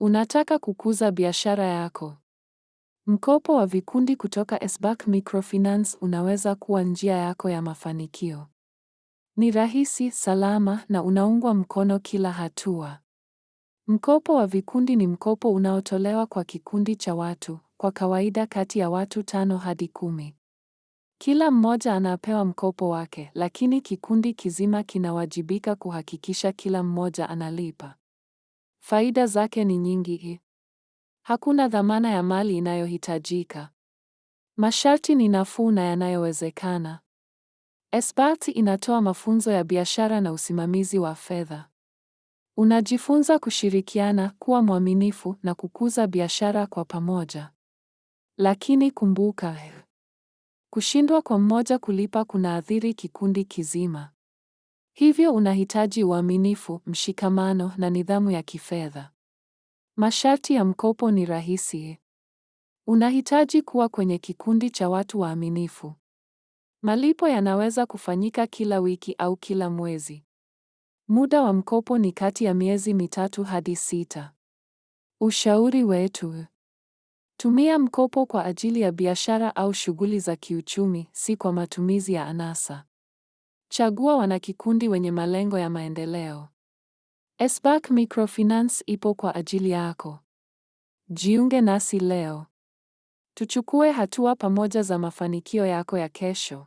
Unataka kukuza biashara yako? Mkopo wa vikundi kutoka SBAK Microfinance unaweza kuwa njia yako ya mafanikio. Ni rahisi, salama na unaungwa mkono kila hatua. Mkopo wa vikundi ni mkopo unaotolewa kwa kikundi cha watu, kwa kawaida kati ya watu tano hadi kumi. Kila mmoja anapewa mkopo wake, lakini kikundi kizima kinawajibika kuhakikisha kila mmoja analipa. Faida zake ni nyingi. Hakuna dhamana ya mali inayohitajika. Masharti ni nafuu na yanayowezekana. Esbat inatoa mafunzo ya biashara na usimamizi wa fedha. Unajifunza kushirikiana, kuwa mwaminifu na kukuza biashara kwa pamoja. Lakini kumbuka, kushindwa kwa mmoja kulipa kunaathiri kikundi kizima. Hivyo unahitaji uaminifu, mshikamano na nidhamu ya kifedha. Masharti ya mkopo ni rahisi. Unahitaji kuwa kwenye kikundi cha watu waaminifu. Malipo yanaweza kufanyika kila wiki au kila mwezi. Muda wa mkopo ni kati ya miezi mitatu hadi sita. Ushauri wetu. Tumia mkopo kwa ajili ya biashara au shughuli za kiuchumi, si kwa matumizi ya anasa. Chagua wanakikundi wenye malengo ya maendeleo. SBAK Microfinance ipo kwa ajili yako. Jiunge nasi leo. Tuchukue hatua pamoja za mafanikio yako ya kesho.